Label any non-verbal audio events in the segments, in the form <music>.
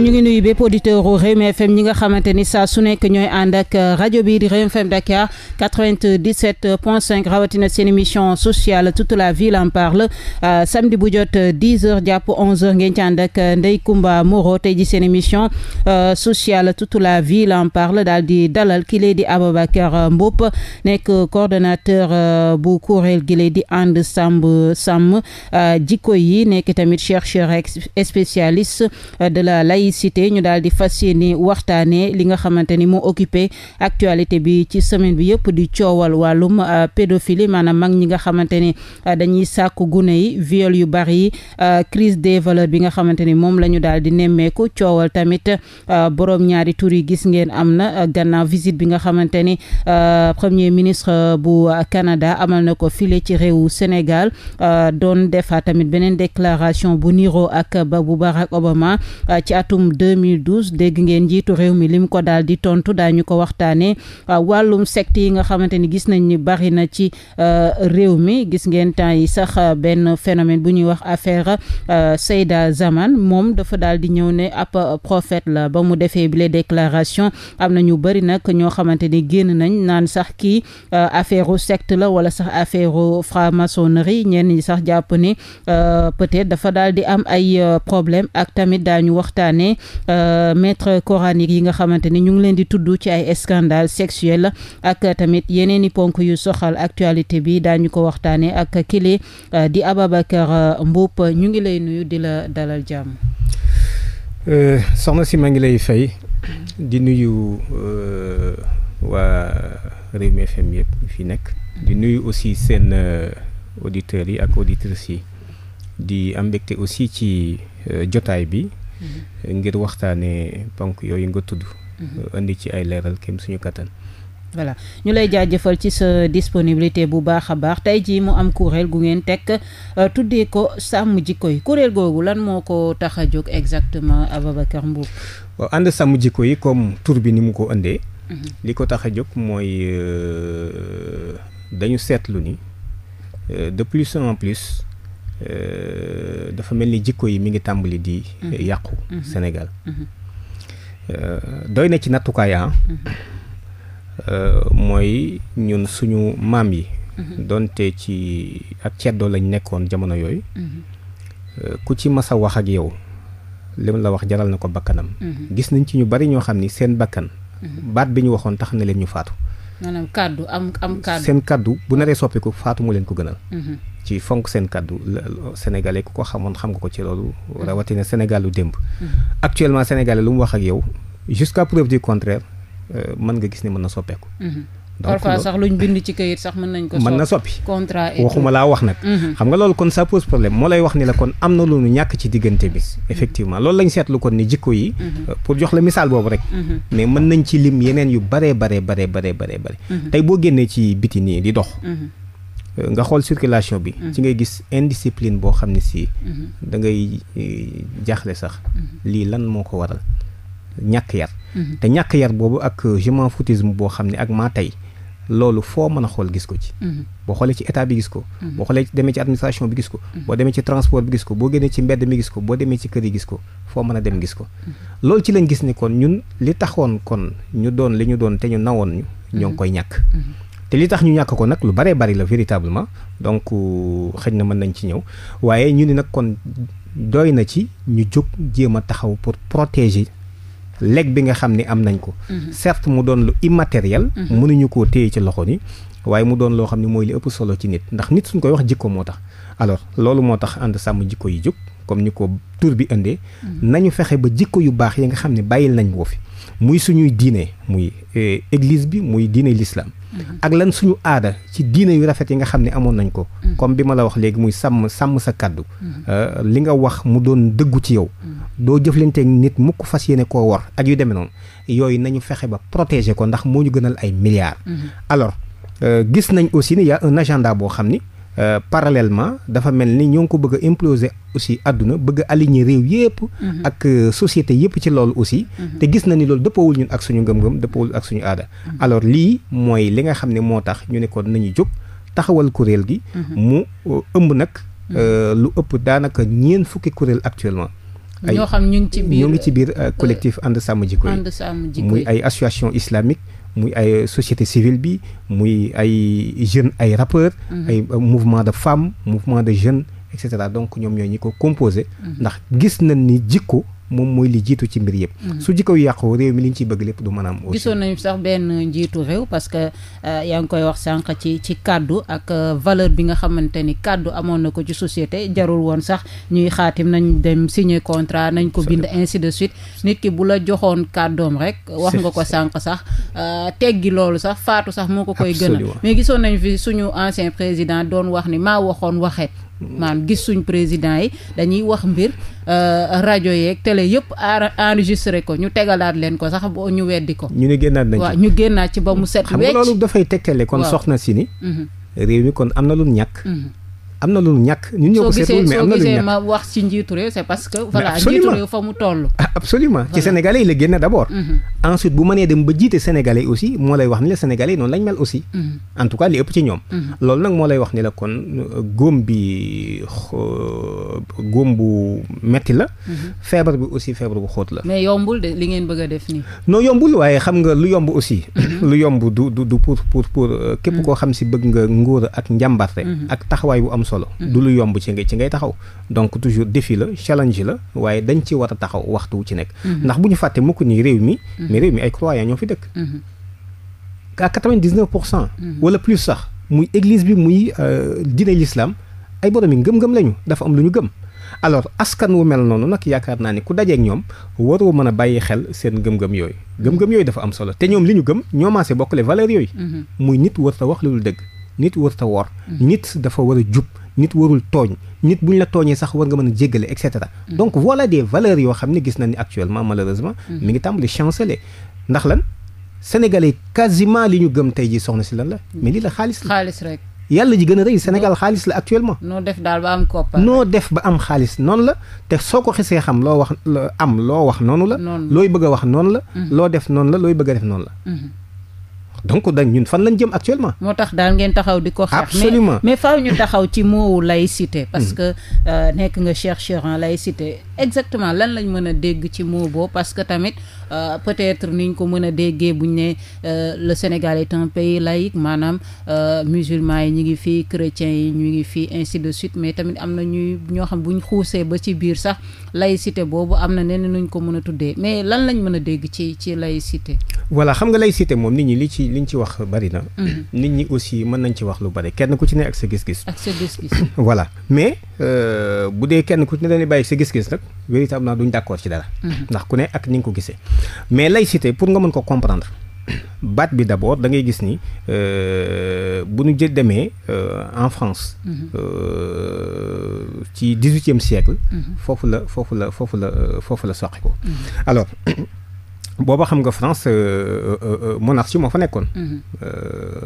ñu ngi nuyu bépp auditeur u Rewmi FM ñi nga xamante ni saa su nekk ñooy ànd ak euh, rajo bi di Rewmi FM Dakar 97 point 5 rawatina seen émission sociale toute la ville en parle euh, samedi bu jot 10 euh, heures jàpp 11 heures ngeen ci ànd ak Ndeye tey ji seen émission sociale toute la ville en parle daal di dalal ki lay di Ababacar Mboup nekk coordonnateur bu kuréel gi lay di ànd sàmm sàmm jikko yi nekk tamit chercheur spécialiste de la laïcité ñu daal di fas yéene waxtaanee li nga xamante ni moo occupé actualité bi ci semaine bi yëpp di coowal wàllum euh, pédophilie maanaam mag ñi nga xamante ni euh, dañuy sàkku gune yi viol yu bari yi euh, crise des valeurs bi nga xamante ni moom la ñu daal di nemmeeku coowal tamit boroom ñaari tur yi gis ngeen am na gannaaw visite bi nga xamante ni premier ministre bu Canada amal na ko file ci réewu Sénégal doon defa tamit beneen déclaration bu niro ak bu Barack Obama ci atu atum 2012 dégg ngeen njiitu réew mi li mu ko daal di tontu daañu ko waxtaanee ah, wàllum secte yi nga xamante ni gis nañ ni bari na ci euh, réew mi gis ngeen temps yi sax euh, benn phénomène bu ñuy wax affaire euh, Seyda Zaman moom dafa daal di ñëw ne ab prophète la ba mu defee bile déclaration am na ñu bari nag ñoo xamante ni génn nañ naan sax kii affaire u secte la wala sax affaire u maçonnerie ñenn ñi sax jàpp ni peut dafa daal di am ay problème ak tamit daañu waxtaanee. ne euh, maître coranique yi nga xamante ni ñu ngi leen di tudd ci ay scandale sexuel ak tamit yeneen i ponk yu soxal actualité bi daañu ko waxtaane ak kile euh, di Ababacar euh, Mboup ñu ngi lay nuyu di la dalal jàmm soxna si maa ngi lay fay di nuyu waa Rewmi FM yëpp fi nekk di nuyu aussi seen auditeurs yi ak auditrices yi di am mbégte aussi ci jotaay bi Mm-hmm. ngir waxtaanee ponk yooyu nga tudd. indi mm-hmm. ci ay leeral kem suñu kattan. voilà ñu lay jaajëfal ci sa disponibilité bu baax a baax tey jii mu am kuréel gu ngeen teg euh, tuddee ko sàmm jikko yi kuréel googu lan moo ko tax a jóg exactement Ababacar Mboup. waaw ànd sàmm jikko yi comme tour bi ni mu ko indee. Mm-hmm. li ko tax a jóg mooy euh, dañu seetlu ni euh, de plus en plus. Euh, dafa mel ni jikko yi mi ngi tàmbali di mhm. yàqu mhm. Sénégal mhm. Euh, doy na ci nattukaay ah euh, mooy ñun suñu maam yi doonte ci ak ceddoo lañ nekkoon jamono yooyu ku ci mas a wax ak yow li la wax jaral na ko bakkanam gis nañ ci ñu bari ñoo xam ni seen bakkan baat bi ñu waxoon tax na leen ñu faatu maanaam kàddu am am kàddu seen kàddu bu naree soppiku faatu mu leen ko gënal ci fonk seen kàddu sénégalais ku ko xamoon xam nga ko ci loolu rawatina Sénégal lu démb actuellement sénégalais lu mu wax ak yow jusqu'à preuve du contraire euh, mën nga gis ne mën na soppeeku mhm. donc parfois sax luñ bind ci kayit sax mën nañ ko mën na soppi contrat waxuma laa wax nag mhm. xam nga loolu kon ça pose problème moo lay wax ni la kon am na lu ñu ñàkk ci diggante bi mhm. effectivement loolu lañ seetlu kon ni jikko yi euh, pour jox la misaal boobu rek mais mën nañ ci lim yeneen yu baree baree baree baree baree bare tey boo génnee nga xool circulation bi. Mm-hmm. ci ngay gis indiscipline boo xam ne si. Mm-hmm. da ngay e, jaaxle sax. Mm-hmm. lii lan moo ko waral ñàkk yar. te ñàkk yar boobu ak je m'en boo xam ne ak maa tey loolu foo mën a xool gis ko ci. boo xoolee ci état bi gis ko. boo xoolee demee ci administration bi gis ko. boo demee ci transport bi gis ko boo génnee ci mbedd mi gis ko boo demee ci kër yi gis ko foo mën a dem gis ko. loolu ci lañ gis ni kon ñun li taxoon kon ñu doon li ñu doon te nawoon ñoo ngi koy ñàkk. te li tax ñu ñàkk ko nag lu baree bari la véritablement donc euh, xëj na mën nañ ci ñëw waaye ñu ni nag kon doy na ci ñu jóg jéem a taxaw pour protéger lekk bi nga xam ni am nañ ko mhm. certes mu doon lu immatériel mhm. mënuñu ko téye ci loxo ni waaye mu doon loo xam ne mooy li ëpp solo ci nit ndax nit suñ koy wax jikko moo tax alors loolu moo tax ànd sàmm jikko yi jóg comme ni ko tur bi indee mhm. nañu fexe ba jikko yu baax yi nga xam ni bàyyil nañ ko fi muy suñuy diine muy euh, église bi muy diine l'islam ak lan suñu aada ci diine yu rafet yi nga xam ne amoon nañ ko mm. comme bi ma la wax léegi muy sàmm sàmm sa kàddu mm-hmm. euh, li nga wax mu doon dëggu ci yow mm. doo jëflante nit mukk fas yéene koo war ak yu demee noonu yooyu nañu fexe ba protéger ko ndax moo ñu gënal ay milliards mm-hmm. alors euh, gis nañ aussi ne y a un agenda boo xam ni Euh, parallèlement dafa mel ni ñoo ngi ko bëgg a imploser aussi àdduna bëgg a aligner réew yépp mhm. ak euh, société yépp ci loolu aussi mhm. te gis na ni loolu dëppawul ñun ak suñu ngëm-ngëm dëppawul ak suñu aada mhm. alors lii mooy li nga xam ne moo tax ñu ne kon nañu jóg taxawal kuréel gi mu euh, ëmb nag lu ëpp daanaka ñeen fukki kuréel actuellement ñoo xam ñu ngi ci biir ñu ngi ci biir collectif ànd sàmm jikko yi muy ay association islamique muy ay société civile bi muy ay jeunes ay rappeurs. Mhm. ay euh, mouvement de femmes mouvement de jeunes et cetera donc ñoom ñoo ñi ko composé. Mhm. ndax gis nañ ni jikko moom mooy li jiitu ci mbir yëpp. Mm-hmm. su jikko yu yàqu réew mi li ñu ciy bëgg lépp du mën a gisoon nañu sax benn njiitu réew parce que euh, yaa ngi koy wax sànq ci ci kàddu ak euh, valeur bi nga xamante ni kàddu amoon na ko ci société jarul woon sax ñuy xaatim nañ dem signer contrat nañ ko bind ainsi de suite nit ki bu la joxoon kàddoom rek. wax nga ko sànq sax euh, teggi loolu sax faatu sax moo ko koy. gën mais gisoon nañ fi suñu ancien président doon wax ni maa waxoon waxet maanaam gis suñ président yi dañuy wax mbir euh, rajo yeeg télé yëpp enregistré ko ñu tegalaat leen ko sax boo ñu weddi ko. ñu ne génnaat nañ ci waaw ñu génnaat ci ba mu set. wecc xam nga loolu dafay tegtale kon soxna si ni. Mhm. réew mi kon am na lu ñàkk. Mhm. am na lu ñàkk ñu ñoo ko seetul mais am na soo gisee ma wax ci njiitu réew c'est parce que. voilà njiitu réew fa mu toll. ah absolument ci sénégalais yi la génn d'abord. Mhm. ensuite bu mënee dem ba jiite sénégalais yi aussi moo lay wax ni la sénégalais yi noonu lañ mel aussi. Mhm. en tout cas li ëpp mhm. loolu nag moo lay wax ni la kon góom bi góom bu metti la. feebar bi aussi feebar bu xoot la. mais yombul de li ngeen bëgg a def nii. non yombul waaye xam nga lu yomb aussi. lu yomb du du du pour pour euh, képp koo xam si bëgg nga nguur ak njàmbarte. ak taxawaay solo. Mm. du lu yomb ci ngay ci ngay taxaw. donc toujours défi la challenge la waaye dañ ci war a taxaw waxtu wu ci nekk. Mm-hmm. ndax bu ñu fàtte mukk ni réew mi. Mm-hmm. mais réew mi ay croyants ñoo fi dëkk. Mm-hmm. à quatre vingt dix pour cent. wala plus sax muy église bi muy euh, diine l'islam ay borom yi ngëm-ngëm lañu dafa am lu ñu gëm. alors askan wu mel noonu nag yaakaar naa ni ku dajeek ñoom waroo mën a bàyyi xel seen gëm-gëm yooyu gëm-gëm yooyu dafa am solo te ñoom li ñu gëm ñoomaase bokk les valeurs yooyu muy nit warta wax lu dul dëgg nit warut a woor nit dafa war a jub nit warul tooñ nit ñu la tooñee sax war nga mën a jéggale et cetera mm. donc voilà de valeurs yoo xam ne gis na ni actuellement malheureusement mu mm. ngi tàmbali chanceler ndax lan sénégalais quasiment li ñu gëm tey ji soxna si lan la mm. mais lii la xaalis la xaalis rek yàlla ji gën a rëy Sénégal xaalis la actuellement. noo def daal ba am noo def ba am xaalis noonu la te soo ko xisee xam loo wax am loo wax noonu la. looy bëgg a wax noonu la. loo def noonu la looy bëgg a def noonu la. Mm-hmm. donc dañ ñun fan lañ jëm actuellement. moo tax daal ngeen taxaw di ko xeex. absolument mais mais faaw ñu taxaw ci moowu laïcité. Hmm. parce que euh, nekk nga chercheur en laïcité. exactement lan lañ mën a dégg ci moo boobu parce que tamit. Euh, peut-être ni ñu ko mën a déggee bu ñu ne euh, le Sénégal est un pays laïque maanaam euh, musulman yi ñu ngi fii chrétiens yi ñu ngi fii ainsi de suite mais tamit am na ñuy ñoo xam bu ñu xuusee ba ci biir sax laïcité boobu am na neneen nuñ ko mën a tuddee mais lan lañ mën a dégg ci ci laïcité. voilà xam nga laïcité moom nit ñi li ci liñ ci wax bari na. Mhm. nit ñi aussi mën nañ ci wax lu bari kenn ku ci ne ak sa gis-gis. ak sa <coughs> mais. Euh, bu dee kenn ku ci ne dañuy bàyyi sa gis-gis nag véritablement duñ d'accord ci dara. Mhm. ndax ku ne ak ni nga ko gisee. mais laïcité pour nga mën ko comprendre <clears throat> baat bi d'abord da ngay gis ni euh, bu nu jë demee euh, en France. Mhm. ci dix-huitième siècle. Mhm. foofu la foofu la foofu la foofu la soqi ko. alors. <clears throat> booba xam nga France euh, euh, monarchie moo fa nekkoon.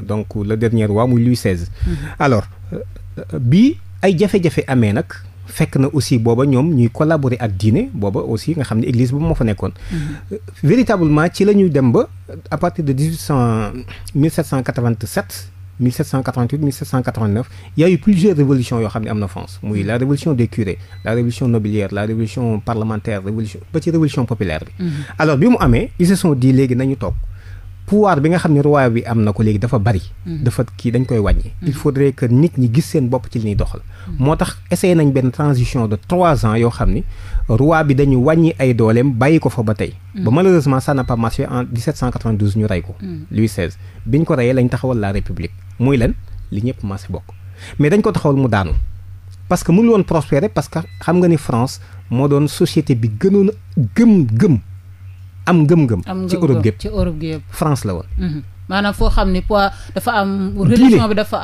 donc la dernier roi muy Louis XVI. Mm -hmm. ay jafe-jafe amee nag fekk na aussi booba ñoom ñuy collaborer ak diine booba aussi nga xam ne église ba moo fa nekkoon. Mm-hmm. véritablement ci la dem ba à partir de dix huit cent mille sept cent quatre vingt sept 1788 1789 il y a eu plusieurs révolutions yoo xam ne am na France muy la révolution des curés la révolution nobiliaire la révolution parlementaire révolution ba ci révolution populaire bi. Mm bi mu amee ils se sont dit léegi nañu toog. pouvoir bi nga xam ne royaume bi am na ko léegi dafa bari. Mm-hmm. dafa kii dañ koy wàññi. il mm-hmm. faudrait que nit ñi gis seen bopp ci li ñuy doxal. Mm-hmm. moo tax essayé nañ benn transition de trois ans yoo xam ni roi bi dañu wàññi ay dooleem bàyyi ko fa ba tey. ba malheureusement ça n'a pas marché en 1792 ñu rey ko. Louis XVI biñ ko reyee lañ taxawal laa république muy leen li ñëpp maase bokk mais dañ ko taxawal mu daanu. parce que mënul woon prospérer parce que xam nga ni France moo doon société bi gënoon gëm gëm. am ngëm-ngëm. ci Europe gépp ci Europe gépp France la woon. Mhm. maanaam foo xam ne poids dafa am. religion dafa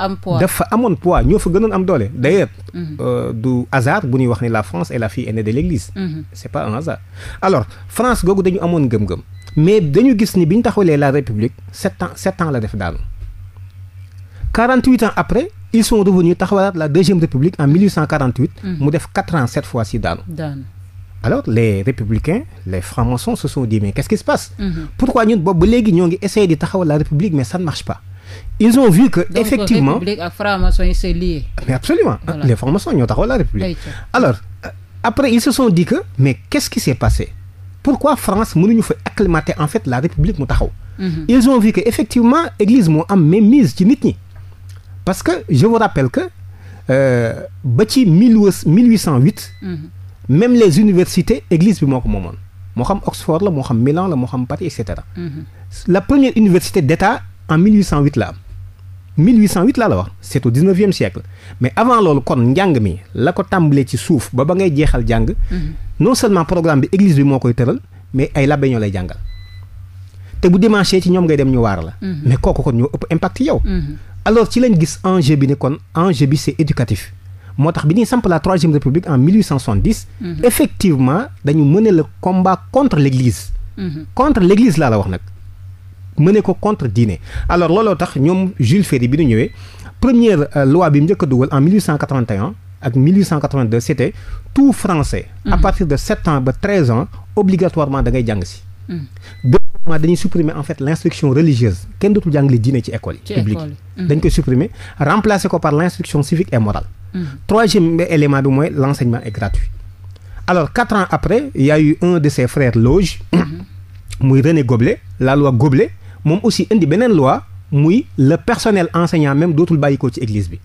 amoon poids ñoo fa gënoon am doole mhm. d'ailleurs. Mhm. Euh, du hasard bu ñuy wax ne la France est la fille aînée de l'église. c'est pas un hasard. alors France googu dañu amoon ngëm-ngëm mais dañu gis ni bi ñu taxawalee la république sept ans sept ans la def daanu. 48 ans après ils sont république mu def 4 ans cette fois-ci daanu. alors les républicains les francs-maçons se sont dit mais qu'est-ce qui se passe mhm. pourquoi ñun boobu ba léegi ñoo ngi essayer di taxawal la république mais ça ne marche pas ils ont vu que Donc, effectivement république ak francs-maçons yi c'est absolument les francs-maçons ñoo taxawal la république alors euh, après ils se sont dit que mais qu'est-ce qui s'est passé pourquoi France mënuñu fa acclimater en fait la république mu taxaw mhm. ils ont vu que effectivement église moo am même mise ci nit ñi même les universités église bi moo ko moomoon moo xam Oxford la moo xam Milan la moo xam Paris et cetera. Mhm. la première université d'État en la am 1808 la wax c'est au 19e siècle mais avant loolu kon njàng mi la ko tàmbalee ci suuf ba ba ngay jeexal jàng. Mhm. non seulement programme bi église bi moo koy tëral mais ay labbe ñoo lay jàngal. te bu dimanche ci ñoom ngay dem ñu waar la. Mhm. mais kooku kon ñoo ëpp impact yow. alors ci lañ gis enjeu bi ne kon eng bi c'est éducatif. moo tax bi ñuy samp la troisième république en 1870. Mhm. effectivement dañu mener le combat contre l' église. Mhm. contre l' église laa la wax nag. mëne ko contre diine alors looloo tax ñoom Jules Ferry bi ñu ñëwee première euh, loi bi mu njëkk a dugal en 1881 ak 1882 c' était tout français. Mhm. à partir de sept ans ba treize ans obligatoirement da ngay jàng si. deuxièmement dañuy supprimer en fait l' instruction religieuse kenn dootul jàngale diine ci école yi. publique dañ koy supprimer remplacer ko par l' instruction civique et troisième élément bi mooy l' enseignement est gratuit alors quatre ans après il y a eu un de ses frères Loge mhm. muy René Goblet la loi Goblet moom aussi indi beneen loi muy le personnel enseignant même dootul bàyyi ko ci église bi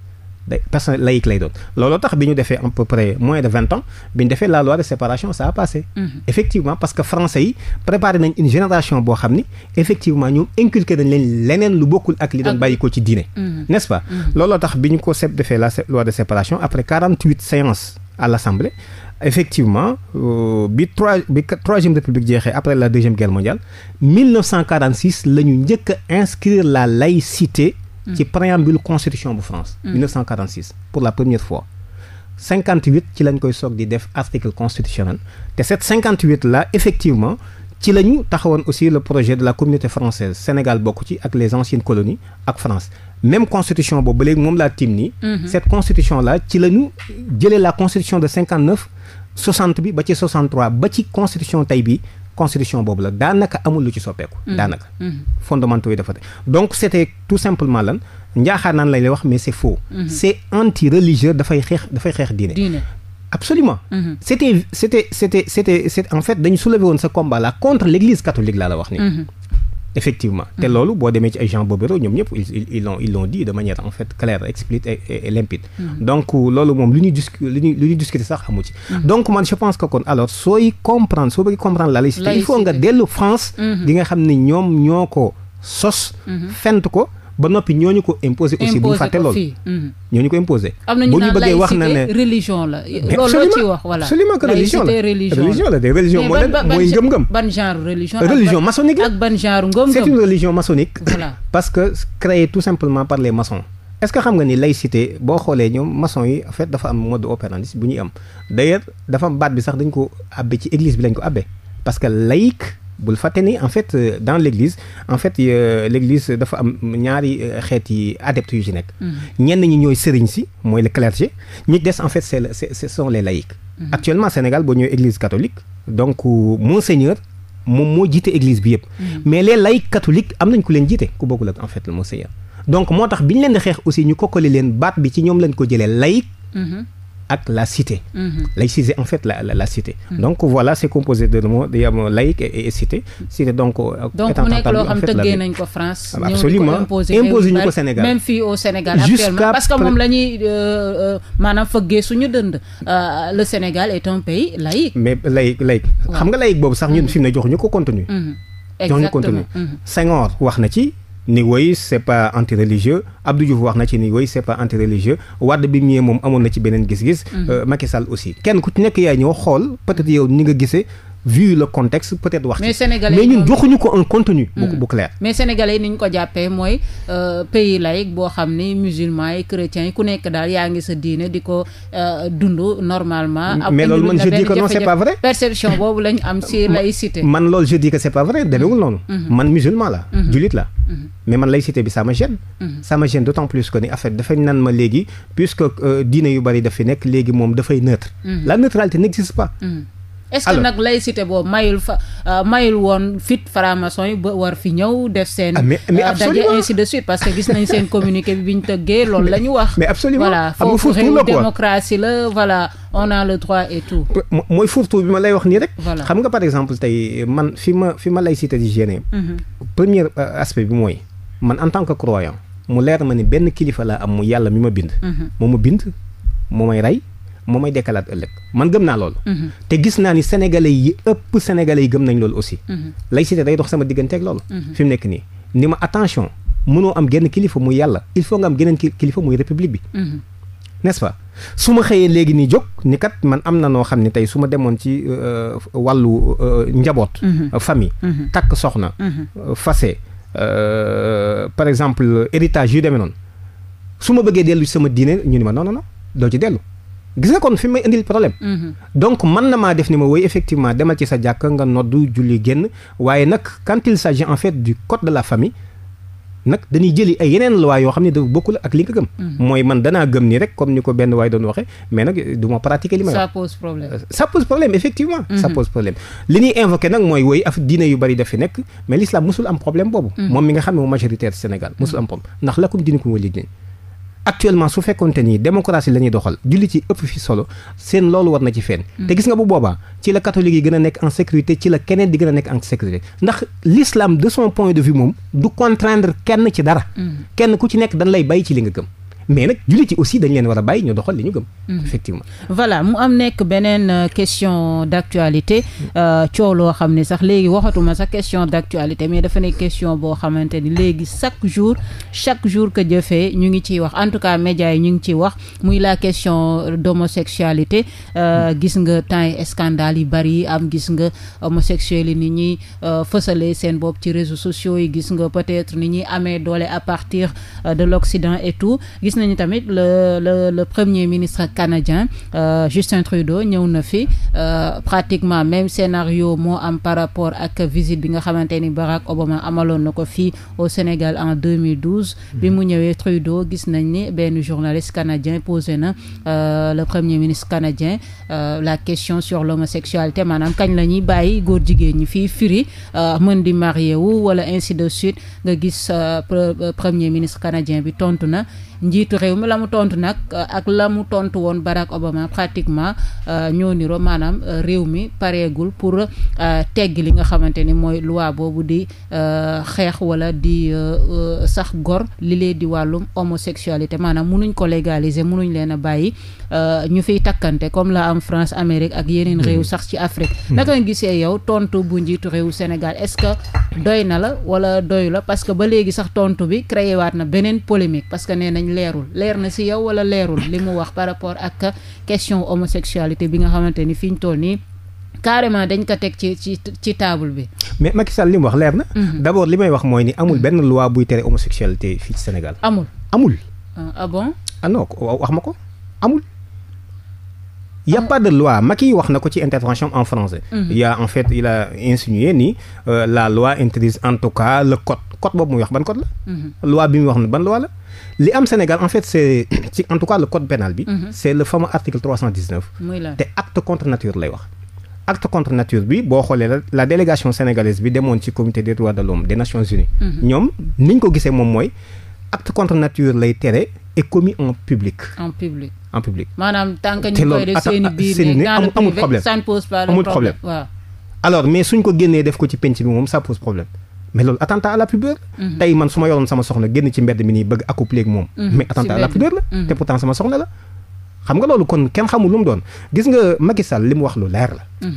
day personne laïque lay doon looloo tax bi ñu defee à peu près moins de vingt ans bi ñu defee la loi de séparation ça a mhm. effectivement parce que français yi préparé nañ une génération boo xam ni effectivement ñoom inculqué nañ leneen lu bokkul ak li doon bàyyi ko ci diine mhm. n'est-ce pas mhm. looloo tax bi ñu ko seb defee la loi de séparation après quarante-huit séances à l'Assemblée effectivement euh, bi trois bi troisième république jeexee après la deuxième guerre mondiale 1946 la ñu njëkk a inscrire Mm. ci préambule constitution bu France. 1946 mm. pour la première fois. 58 ci lañ koy soog di def article constitutionnel te cette 58 là effectivement ci la ñu taxawoon aussi le projet de la communauté française Sénégal bokk ci ak les anciennes colonies ak France même constitution boobu ba moom laa tim ni mm-hmm. cette constitution la ci la ñu jëlee la constitution de 59 60 bi ba ci 63 ba ci constitution tey bi constitution boobu la daanaka amul lu ci soppeeku. Mm-hmm. daanaka mm-hmm. fondamentaux yi dafa de donc c' tout simplement lan njaaxaar lay wax mais c' faux. c' est anti dafay xeex dafay xeex diine. absolument c' était c' en fait dañu soulever woon ce combat là contre l' église laa la wax nii. Mm-hmm. effectivement mm. te loolu boo demee ci ay Jean Bobéro ñoom ñëpp ils ils l'ont ils l'ont dit de manière en fait claire explicite et limpide mm. donc euh, loolu moom lu ñuy discu lu ñuy lu ñuy discuter sax amu ci mm. donc man je pense que kon alors sooy comprendre soo bëgg comprendre la laïcité il faut nga dellu France mm-hmm. di nga xam ne ñoom ñoo ko sos mm-hmm. fent ko ba noppi ñooñu ko imposé aussi bu ñu fàtte lool mhm. ñooñu ko imposé am nañu naan laïcité religion la loolu ci wax voilà absolument que religion la religion la de religion mooy lan mooy ngëm-ngëm ban genre religion religion maçonnique ak ban genre ngëm-ngëm c'est <clears throat> parce que créée tout simplement par les maçons est-ce xam nga ni laïcité boo xoolee ñoom maçon yi en fait dafa am mode opérandi bu ñuy am d'ailleurs dafa baat bi sax dañ ko abbe ci église bi lañ ko abbe parce que laïque bul fàtte ni en fait euh, dans l'église en fait euh, l'église dafa am ñaari euh, xeeti adeptes yu ci nekk. Mm-hmm. ñenn ñi ñooy sëriñ si mooy le clergé ñi des en fait c'est ce sont les laïcs. Mm-hmm. actuellement Sénégal boo ñëwee église catholique. donc monseigneur moom moo jiite église bi yëpp. Mm-hmm. mais les laïcs catholiques am nañ ku leen jiite ku bokkul ak en fait le monseigneur. donc moo tax bi ñu leen di xeex aussi ñu kokkali leen baat bi ci ñoom lañ ko jëlee laïc. ak la cité. Mm-hmm. laïciser en fait la la, la cité. Mm-hmm. donc voilà c'est composé de mots day am et, cité cité donc. Euh, donc mu nekk loo xam tëggee nañ ko France. absolument imposé ñu ko Sénégal même fii au Sénégal. actuellement parce que moom la euh, euh, maanaam fëggee suñu dënd. le Sénégal est un pays laïque. mais laïque laïque xam nga laïque boobu sax ñun mm-hmm. fi mu jox ñu ko contenu. exactement joxuñu wax na ci. ni woy c'est pas antireligieux Abdou Diouf wax na ci ni woy c'est pas antireligieux Wade bi ñëwee moom amoon na ci beneen gis-gis. Mhm. Euh, Macky aussi kenn ku nekk yaay ñoo xool peut-être ni nga gisee. vu le contexte peut-être wax ci mais ñun joxuñu ko un contenu bu hmm. bu clair mais sénégalais yi ni ñu ko jàppee mooy euh, pays laïque boo xam ni musulmans yi chrétiens yi ku nekk daal yaa ngi sa diine di ko euh, dund normalement mais loolu man je dis que non c'est pas vrai perception boobu lañ am si laïcité man loolu je dis que noonu hmm. Hmm. man musulman la julit la mais man lay laïcité bi ça me gêne ça me gêne d'autant plus que ni en fait dafay nan ma léegi puisque euh, diine yu bari dafi nekk léegi moom dafay neutre la neutralité n'existe pas est-ce que nag laïcité boobu mayul fa euh, mayul woon fit franc-maçon yi ba war fi ñëw def seen ah, euh, daje ainsi de suite parce que gis nañ seen communiqué bi bi ñu tëggee loolu la ñu wax <laughs> mais absolument voilà ah, foofu réew démocratie la voilà on a le droit et tout mooy fourre bi ma lay wax nii rek xam nga par exemple tey man fi ma fi ma laïcité di gêner mhm. premier euh, aspect bi mooy man en tant que croyant mu leer ma ni benn kilifa la am mu yàlla mi ma bind mhm. moo ma bind moo may moo may dekkalaat ëllëg man gëm naa loolu. Mhm. te gis naa ni sénégalais yi ëpp sénégalais yi gëm nañ loolu aussi. Mhm. laïcité day dox sama digganteeg loolu. Mhm. fi nekk nii ni ma attention mënoo am genn kilifa mu yàlla il faut nga am geneen kilifa muy république bi. n'est-ce su ma xëyee léegi ni jóg ni kat man am na noo xam ne tey su ma demoon ci euh, euh, wàllu euh, njaboot. famille. takk soxna. fase par exemple héritage yu demee noonu su ma bëggee dellu ci sama diine ñu ni ma non non gis nga kon fi may indil problème. Mhm. donc man na maa def ni ma woy effectivement demal ci sa jàkk nga noddu julli génn waaye nag quand il s'agit en fait du code de la famille. nag dañuy jëli ay yeneen loi yoo xam ne dafa ak li nga gëm. Mhm. mooy man danaa gëm ni rek comme ni ko benn waay doon waxee mais nag euh, du ma pratiquer li ma. pose problème euh, mhm. ça pose problème li ñuy invoqué nag mooy woy af diine yu bari daf fi nekk mais l'islam musul am problème boobu. moom mi nga xam ne moom majoritaire Sénégal musul am problème ndax lakum diinukum waliy diin actuellement su fekkonte ni démocratie la ñuy doxal julli ci ëpp fi solo seen loolu war na ci fen mm. te gis nga bu boobaa ci la catholique yi gën a nekk en sécurité ci la keneen di gën a nekk en sécurité ndax l'islam de son point de vue moom du contraindre kenn ci dara. Mm. kenn ku ci nekk dañ lay bàyyi ci li nga gëm. mais nag jullit yi aussi dañ leen war a bàyyi ñu doxal li ñu gëm. Mhm. effectivement voilà mu am nekk beneen euh, question d' actualité euh, coow loo xam ne sax léegi waxatuma sax question d' actualité mais dafa nekk question boo xamante ni léegi chaque jour chaque jour que jëfee ñu ngi ciy wax en tout cas médias yi ñu ngi ciy wax muy la question euh, d' homosexualité gis nga temps yi scandale yi bari am gis nga homosexuels yi nit ñi fësalee seen bopp ci réseaux sociaux yi gis nga peut-être nit ñi amee doole à partir de l' et tout gis nañu tamit le le le premier ministre canadien euh, Justin Trudeau ñëw na fi euh, pratiquement même scénario moo am par rapport ak visite bi nga xamante ni Barack Obama amaloon na ko fii au Sénégal en 2012. bi mu ñëwee Trudeau gis nañ ni benn journaliste canadien posé na euh, le premier ministre canadien la question sur l'homosexualité maanaam kañ la ñuy bàyyi góor jigéen ñi fii firi mën di marié wu wala ainsi de suite nga gis premier ministre canadien bi tontu na. njiitu réew mi la mu tontu nag euh, ak la mu tontu woon Barack Obama pratiquement euh, ñoo niro maanaam euh, réew mi pareegul pour teggi li nga xamante ni mooy loi boobu di xeex wala di sax gor li lee di wàllum homosexualité maanaam munuñ ko légalisé munuñ leen a bàyyi ñu fiy takkante comme la am France Amérique ak yeneen mm. réew sax ci Afrique mm. naka nga gisee yow tontu bu njiitu réewu Sénégal est-ce que doy na la wala doyu la parce que ba léegi sax tontu bi créé waat na beneen polémique parce que nee nañ leerul leer na si yow wala leerul li mu wax par rapport ak question homosexualité bi nga xamante ni fii ñu toll nii carrément dañ ko teg ci ci ci table bi. mais Macky Sall li mu wax leer na. Mhm. d'abord li may wax mooy ni amul mhm. benn loi buy tere homosexualité fii ci Sénégal. amul amul. ah, ah bon. ah wax ma ko amul. y' a pas de loi Macky wax na ko ci intervention en français. Mhm. il y a en fait il a insinué ni euh, la loi interdise en tout cas le code code boobu muy wax ban code la. Mhm. loi bi muy wax ban loi la. li am Sénégal en fait c' <coughs> ci en tout cas le code pénal bi. Mhm. c' est le article la te acte contre nature lay wax. acte contre nature bi boo xoolee la délégation sénégalaise bi demoon ci comité des droits de l'homme des nations unies. ñoom niñ ko gisee moom mooy acte contre en public. tant que ñu koy def seen biir ne dans ko génnee def ko ci penc bi moom ça pose problème loolu attentat à la pudeur. Mhm. tey man su ma yoroon sama soxna génn ci mbedd mi nii bëgg accoupler ak moom. Mhm, mais mhm. la xam nga loolu kon kenn xamul lu mu doon gis nga Macky saal li mu wax lu leer la.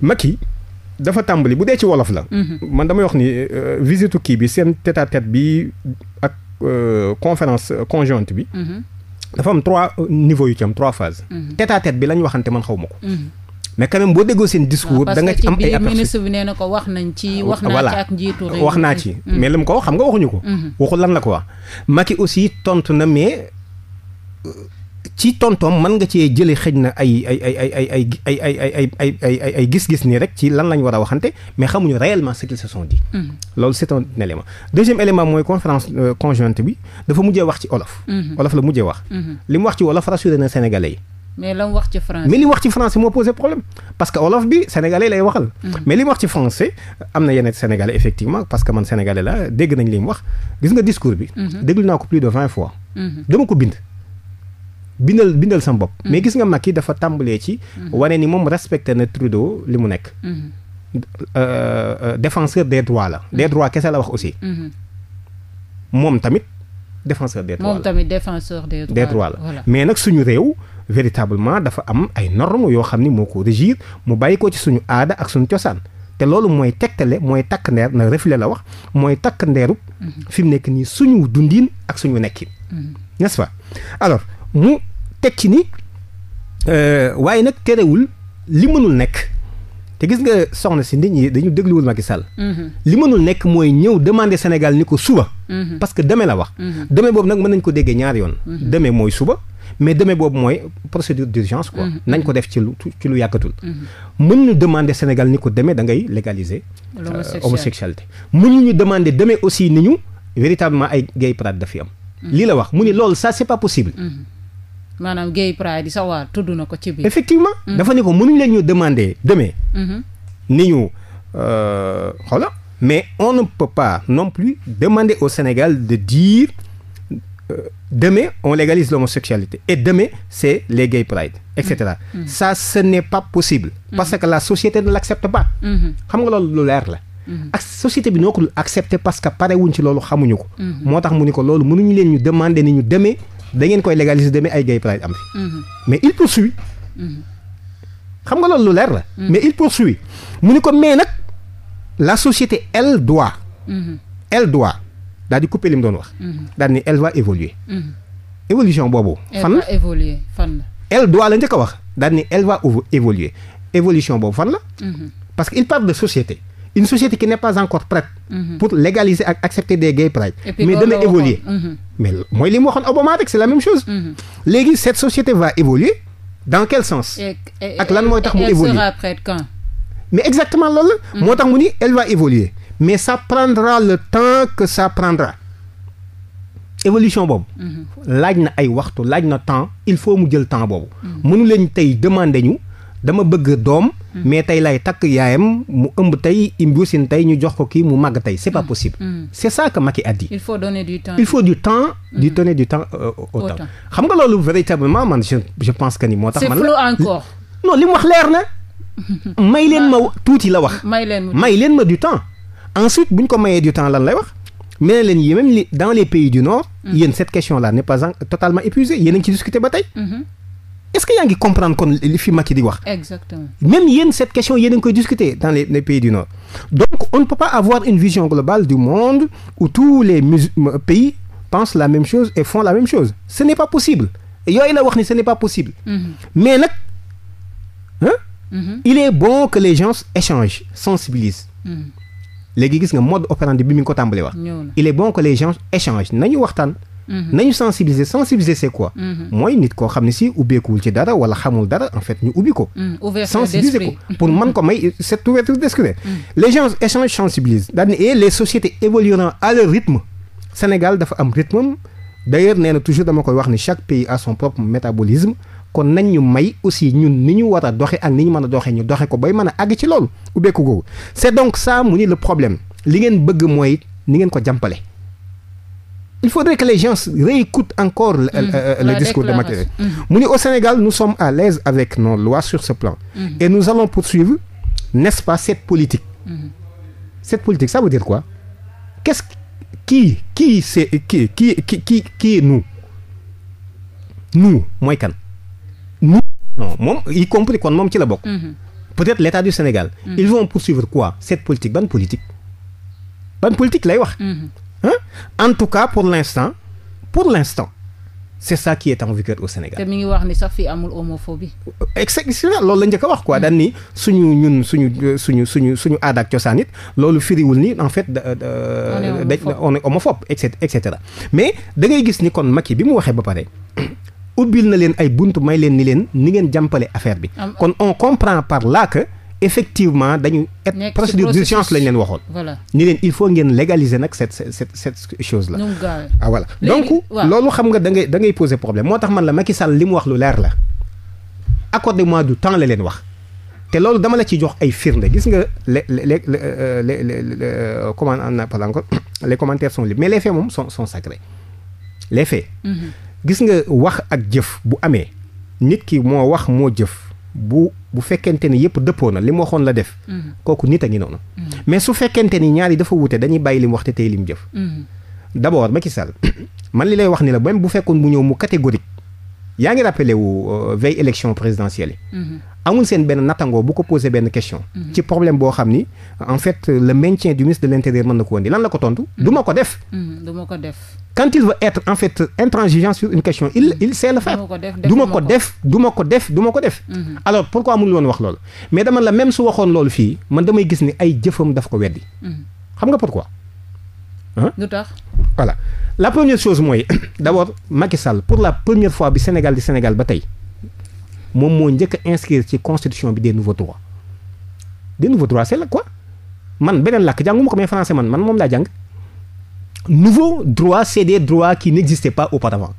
Macky dafa tàmbali bu dee ci wolof la. man damay wax ni euh, visite kii bi seen tête à bi ak euh, conférence euh, conjointe bi. dafa am trois euh, niveaux yu ci am trois phases. Mhm. tête à bi la ñu waxante man xaw ma ko. Mhm. mais quand même boo déggoo seen discours. da nga ci am ay aperçu parce que na ko wax nañ ci. Ah, wax naa ci ak njiitu réew wax naa ci mhm. mais la mu ko wax xam nga waxuñu ko. waxul lan la ko wax Macky aussi tontu na mais. Euh, ci tontoom mën nga cee jëlee xëj na ay ay ay gis-gis nii rek ci lan lañ war a waxante mais xamuñu réellement ce qu'ils se sont dit. loolu c'est un deuxième élément mooy conférence conjointe bi dafa mujjee wax ci olof. olof la mujjee wax. li mu wax ci la mu wax ci français mais li mu wax ci français moo posé problème parce que olof bi sénégalais lay waxal. mais li mu wax ci français am na yeneen sénégalais effectivement parce que man sénégalais la dégg nañ li mu wax gis nga discours bi. déglu bindal bindal sama bopp. Mm. mais gis nga Macky dafa tàmbalee ci. Mm-hmm. wane ni moom respecté na Trudeau li mu nekk. Mm-hmm. Euh, euh, defenseur des droits la. des mm-hmm. droits kese la wax aussi. moom tamit défenseur de droits la tamit défenseur des droits la mais nag suñu réew. véritablement dafa am ay normes yoo xam ni moo ko régir mu bàyyi ko ci suñu aada ak suñu cosaan te loolu mooy tegtale mooy takk ndeer na reflet la wax mooy takk ndeeru fi mu nekk nii suñu dundiin ak suñu nekkin n'est-ce pas mu teg ci ni euh, waaye nag terewul li mënul nekk te gis nga soxna si nit ñi dañu dégluwul Macky Sall mhm. li mënul nekk mooy ñëw demander Sénégal ni ko suba mhm. parce que deme la wax mhm. deme boobu nag mën nañ ko déggee ñaari yoon deme mooy suba mais deme boobu mooy procédure d'urgence quoi nañ ko def ci lu ci lu yàggatul mën ñu demander Sénégal ni ko deme da ngay légaliser euh, homosexualité mën ñu demander deme aussi ni ñu véritablement ay gay parade da am lii la wax mu ni lool ça c'est maanaam gay pride sa ko ci biir. effectivement. Mm-hmm. dafa ni ko mënuñ leen ñu demander demee. Mm-hmm. ni ñu xoolal euh, mais on ne peut pas non plus demander au Sénégal de dire euh, demain on légalise l'homosexualité et demain c'est les gay pride et cetera mmh. ça ce n'est pas possible parce que la société ne l'accepte pas xam nga loolu lu leer la ak société bi noo ko accepté parce que parewuñ ci loolu xamuñu ko moo tax mu ni ko loolu mënuñu leen ñu demander ni ñu demee da ngeen koy légaliser demee ay gay pride am fi. Mm-hmm. mais il poursuit. Mm-hmm. xam nga loolu lu leer la. Mm-hmm. mais il poursuit mu ni ko mais nag la société elle doit. elle doit daal di couper li mu doon wax. daal ni elle va évoluer. évolution boobu. fan la elle va fan la. elle la njëkk a wax daal ni elle va évoluer évolution boobu fan la. parce que il parle de société. une société qui n'est pas encore prête. Mm -hmm. pour légaliser ak accepter des gay pride. mais dana évoluer. Mhm. mais mooy li mu waxoon Obama rek c'est la même chose. Mhm. léegi cette société va évoluer dans quel sens. ak lan mooy tax mu évoluer sera prête mais exactement loolu la. Mhm. moo tax mu ni elle va évoluer mais ça prendra le temps que ça prendra. évolution boobu. laaj na ay waxtu laaj na temps il faut mu jël temps boobu. mënu leen tey demander ñu. dama bëgg doom mm. mais tey lay takk yaayam mu ëmb tey imbusin tey ñu jox ko kii mu màgg tey c'est pas mm. possible mm. c'est ça que Macky a dit il faut donner du temps du temps di donner du temps euh, au temps xam nga loolu véritablement man je pense que ni moo tax man c'est flou encore non li mu wax leer na <laughs> may leen ma tuuti la wax may leen ma du temps ensuite bu ñu ko mayee du temps lan lay wax mais leen yi même dans les pays du nord yéen cette question là n'est pas totalement épuisée yéen a ngi ci discuter ba tey mm-hmm. est-ce que yaa ngi comprendre kon li fi Macky di wax. exactement même yéen cette question yéen a ngi koy discuter dans les, les pays du Nord. donc on ne peut pas avoir une vision globale du monde où tous les euh, pays pensent la même chose et font la même chose ce n'est pas possible yooyu la wax ni ce n'est pas possible. Mm-hmm. mais nag ah. il est bon que les gens échangent sensibilisent. Mm -hmm. gis nga mode opérandi bi mi ko tàmbalee wax. il est bon que les gens échangent nañu waxtaan. Mm-hmm. nañu sensibiliser sensibiliser c'est quoi mm-hmm. mooy nit koo xam ne si ubbeekuwul ci dara wala xamul dara en fait ñu ubbi ko mm-hmm. sensibiliser ko pour man ko may cette ouverture d'esprit <laughs> les gens échangent sensibilisent daal ne eh, les sociétés évolueront à leur rythme Sénégal dafa am rythme d'ailleurs nee na toujours dama koy wax ni chaque pays a son propre métabolisme kon nañ ñu may aussi ñun ni ñu war a doxe ak ni ñu mën a doxee ñu doxe ko bay mën a àgg ci loolu ubbeeku googu c'est donc ça mu ni le problème li ngeen bëgg mooy ni ko jàmpale il faudrait que les gens réécoutent encore mmh. euh, euh le discours de Macky mmh. mu ni au Sénégal nous sommes à l'aise avec nos lois sur ce plan mmh. et nous allons poursuivre n'est-ce pas cette politique mmh. cette politique ça veut dire quoi qu'est-ce qui qui c'est qui est nous nous mooy kan nous non moom y compris kon moom ci la bokk peut-être l'État du Sénégal ils vont poursuivre quoi cette politique ban politique ban politique lay wax Hein? En tout cas pour l'instant pour l'instant c'est ça qui est en vigueur au Sénégal. te mi ngi wax ni sax fii amul homophobie. loolu la njëkk wax quoi daan ni suñu ñun suñu suñu suñu suñu aada ak loolu firiwul ni en fait. on est homophobe et cetera mais dangay gis ni kon Macky bi mu waxee ba pare <clears throat> ubbil na leen ay bunt may leen ni leen ni ngeen jàmpale affaire bi. kon on comprend par là que. effectivement dañu et procédure d'urgence lañ leen waxoon ni leen il faut ngeen légaliser nag cette cette cette chose la ah voilà donc loolu xam nga da ngay da ngay poser problème moo tax man la Macky Sall li mu wax lu leer la accordez-moi du temps la leen wax te loolu dama la ci jox ay firnde gis nga le les le les le euh, euh, on appelle encore <coughs> les commentaires sont libres mais les faits moom sont sont sacrés le faits. Mm-hmm. gis nga wax ak jëf bu amee nit ki moo wax moo jëf bu bu fekkente ni yëpp dëppoo na li mu waxoon la def. Mm-hmm. kooku nit a ngi noonu. Mm-hmm. mais su fekkente ni ñaari dafa wute dañuy bàyyi li mu wax te tey li mu jëf. Mm-hmm. d' abord Macky Sall <clears throat> man li lay wax ni la même bu fekkoon bu ñëw mu catégorique. yaa ngi rappelé wu euh, veille élection présidentielle yi mhm. amul seen benn nattangoo bu ko posé benn question mhm. ci problème boo xam ni en fait euh, le maintien du ministre de l'intérieur man na ko woon lan la ko tontu mhm. du ma ko def du ko def quand il veut être en fait intransigeant sur une question il il sait le faire ma ko def du ma ko def du ma ko def alors pourquoi amul woon wax loolu mais dama la même su waxoon loolu fii man damay gis ni ay jëfam daf ko weddi xam nga pourquoi lu tax voilà la première chose mooy <coughs> d'abord Macky Sall pour la première fois bi Sénégal di Sénégal ba tey moom moo njëkk a ci constitution bi des nouveaux droits des nouveaux droits c'est là quoi man beneen lakk jànguma ko mais français man man moom laa jàng nouveaux droit c'est des droits qui n'existaient pas auparavant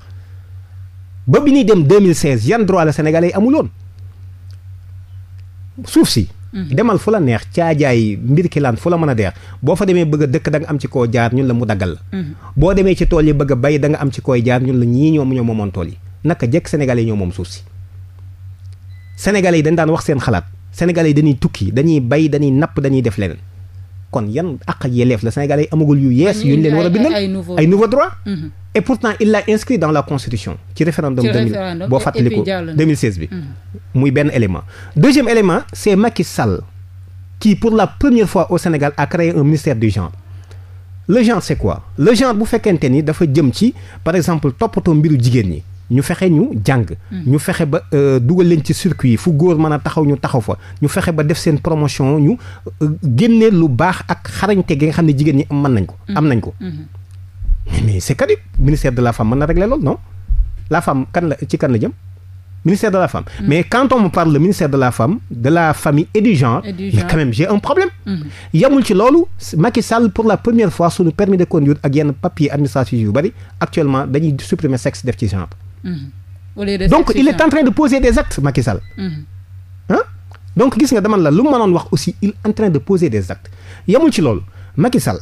ba bi ñuy dem 2016 yan droit la sénégalais yi amuloon suuf si Mm-hmm. demal fu la neex caajaay mbir kilaan fu la mën a deex boo fa demee bëgg dëkk danga am ci koo jaar ñun la mu daggal la mm-hmm. boo demee ci tool yi bëgg bay danga nga am ci koy jaar ñun la ñii ñoom ñoo moomoon tool yi naka jekk sénégalais yi ñoo moom suuf si sénégalais yi dañ daan wax seen xalaat sénégalais yi dañuy tukki dañuy bay dañuy napp dañuy def leneen kon yan ak yelleef la sénégalais amagul yu yees yu ñu leen war a bindal ay nouveau droit mhm. et pourtant il l'a inscrit dans la constitution ci référendum 2000 boo fàttaliku 2016 bi mhm. muy benn élément deuxième élément c'est Macky Sall qui pour la première fois au Sénégal a créé un ministère du genre le genre c'est quoi le genre bu fekkente ni dafa jëm ci par exemple toppatoo mbiru jigéen ñi ñu fexe ñu jàng. Mm. ñu fexe ba euh, dugal leen ci yi fu góor mën a taxaw ñu taxaw fa ñu fexe ba def seen promotion ñu euh, génne lu baax ak xarañte gi nga xam ne jigéen ñi mën nañ ko. Mm. am nañ ko. Mm-hmm. mais c'est que ministère de la femme mën na régler kan la ci kan la jëm. ministère de la femme mmh. mais quand on me parle ministère de la femme de la famille et du genre, et du genre. mais quand même un problème mm-hmm. yamul ci loolu Macky Sall pour la première fois suñu permis de conduire ak yenn papier administratif yu bari actuellement def ci genre Mm-hmm. donc il est en train de poser des actes Macky Sall. ah donc gis nga deman la lu ma mënoon wax aussi il est en train de poser des actes yemul ci loolu Macky Sall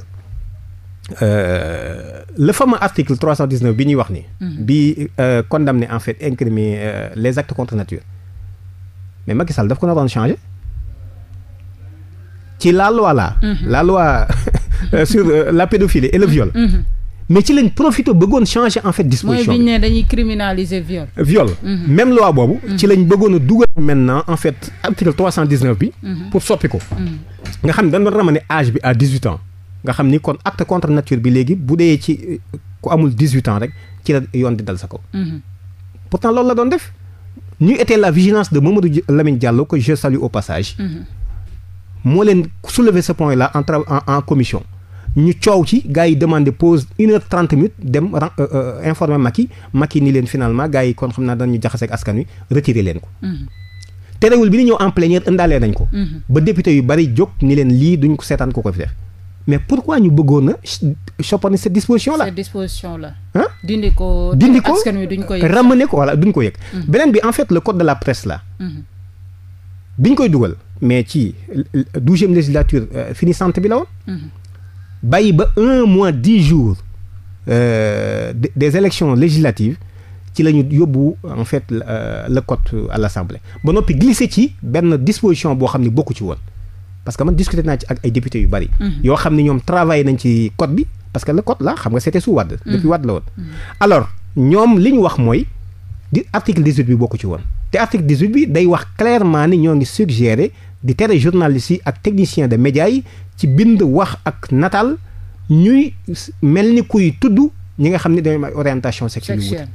euh, le fameux article 319 bi ñuy wax ni mm-hmm. bi euh, condamné en fait incriminé euh, les actes contre nature mais Macky Sall daf ko naroon changé ci la loi là. Mm la loi <laughs> euh, sur la pédophilie et mais ci lañ profité bëggoon changer en fait disposition mooy bi ne dañuy criminaliser viol. viol mhm. même loi boobu. Mhm. ci lañ bëggoon a dugal maintenant en fait article bi. Mhm. pour soppi ko. nga xam ne dañ doon ramener âge bi à ans. nga xam ni kon acte contre nature bi léegi bu dee ci ku amul 18 ans rek ci la yoon di dal sa kaw. pourtant loolu la doon def. ñu était la vigilance de Mamadou Lamine Diallo que je salue au passage. moo leen soulever ce point là en en ñu coow ci gars yi demandé pause une heure trente minutes dem euh, euh, informer Macky Macky ni leen finalement gars yi kon xam naa danañu jaxase ak askan wi retiré leen ko. Mhm. terewul bi ñu ñëw en plénière ëndaalee nañ ko. Mhm. ba député yu bari jóg ni leen lii duñ ko seetaan ko ko fi def. mais pourquoi ñu bëggoon a choppandi cette disposition là. cette dindi ko. dindi ko ko yëg ramené ko ko yëg. Mhm. beneen bi en fait le code de la presse là. biñ koy dugal mais ci douzième législature euh, bàyyi ba un mois dix jours euh, des élections législatives ci la ñu yóbbu en fait le euh, cote à l'assemblée ba noppi glissé ci benn disposition boo xam ne bokku ci woon parce que man discuté naa ci ak ay députés yu bari. Mhm. yoo xam ne ñoom travaillé nañ ci code bi parce que le code la xam nga c'était sous Wade. Mhm. depuis Wade la woon. Mhm. alors ñoom li ñu wax mooy di article bi bokku ci woon te article bi day wax clairement ni ñoo ngi suggérer di tere journalistes yi ak techniciens de médias yi ci bind wax ak nataal ñuy mel ni kuy tudd ñi nga xam ne dañoo am ay orientation sexuelle yu wuute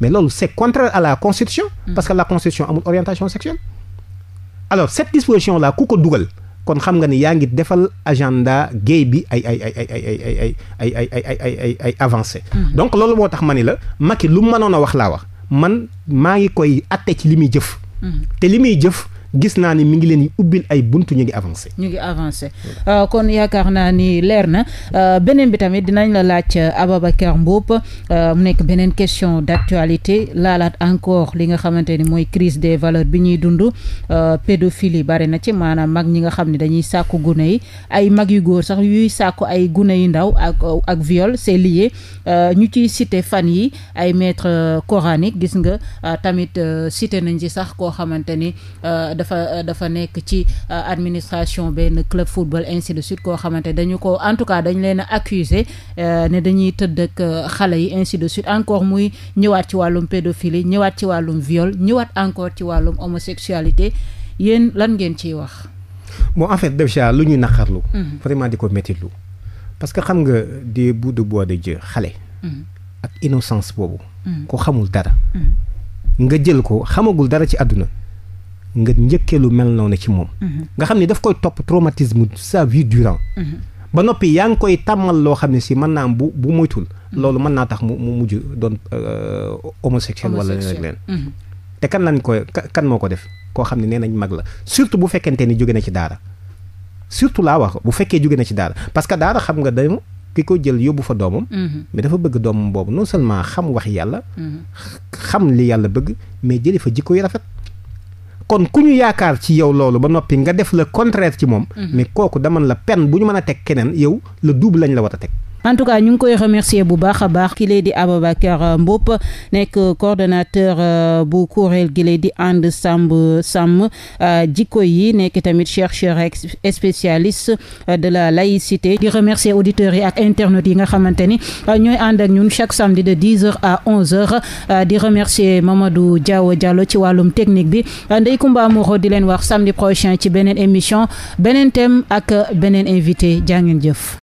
mais loolu c'est contraire à la constitution parce que la constitution amul orientation sexuelle alors cette disposition là ku ko dugal kon xam nga ni yaa ngi defal agenda gay bi ay ay ay ay ay ay ay ay ay ay ay ay avancé donc loolu moo tax ma ni la Macky lu mënoon a wax laa wax man maa ngi koy atte ci li muy jëf te li muy jëf gis naa ni mi ngi leen ubbil ay bunt ñu ngi avancé. ñu ngi avancé euh, kon yaakaar naa ni leer na euh, beneen bi tamit dinañ la laaj euh, Ababacar Mboup mu nekk beneen question d'actualité laalaat encore li nga xamante ni mooy crise des valeurs bi ñuy dund pédophilie bari na ci maanaam mag ñi nga xam ne dañuy sàkku gune yi ay mag yu góor sax yuy sàkku ay gune yu ndaw ak ak viol c'est lié ñu ci cité fan yi ay maître coranique gis nga tamit cité nañ ci sax koo xamante ni. dafa euh, dafa nekk ci euh, administration benn club football ainsi de suite koo xamante dañu ko en tout cas dañ leen a accusé euh, ne dañuy tëdd ak xale yi ainsi de suite encore muy ñëwaat ci wàllum pédophilie ñëwaat ci wàllum viole ñëwaat encore ci wàllum homosexualité yéen lan ngeen ciy wax. bon en fait déjà lu ñu naqarlu. Mhm. vraiment di ko méttitlu parce que xam nga des bouts de bois de Dieu xale. Mhm. ak innocence boobu. Mhm. ko xamul dara. nga jël ko xamagul dara ci àdduna. nga njëkkee lu ci moom. Mhm. nga xam ne daf koy topp traumatisme sa vie durant. Mhm. ba noppi yaa ngi koy tàmmal loo xam ne si mën naa am bu bu moytul. Mhm. loolu mën naa tax mu mu mujj doon euh, homosexuel wala leneen te kan lañ koy kan moo ko def koo xam ne nee nañ mag la surtout bu fekkente ni jóge na ci daara surtout laa wax bu fekkee jóge na ci daara parce que daara xam nga dañu ki ko jël yóbbu fa doomam. mais dafa bëgg doomam boobu non seulement xam wax yàlla. xam li yàlla bëgg mais jëlee fa kon ku ñu yaakaar ci yow loolu ba noppi nga def la contraire ci moom. Mm-hmm. mais kooku dama la peine bu ñu mën a teg keneen yow le duub lañ la war a teg. en tout cas ñu ngi koy remercier bu baax a baax ki lay di Ababacar Mboup nekk coordonnateur euh, bu kuréel gi lay di ànd sàmm sàmm euh, jikko yi nekk tamit chercheur spécialiste euh, de la laïcité di remercier auditeurs yi ak internautes yi nga xamante ni ñooy ànd ak ñun chaque samedi de 10 heures à 11 heures di remercier Mamadou Diaw Diallo ci wàllum technique bi Ndeye Comba Moreau di leen wax samedi prochain ci beneen émission beneen thème ak beneen invité jaa jëf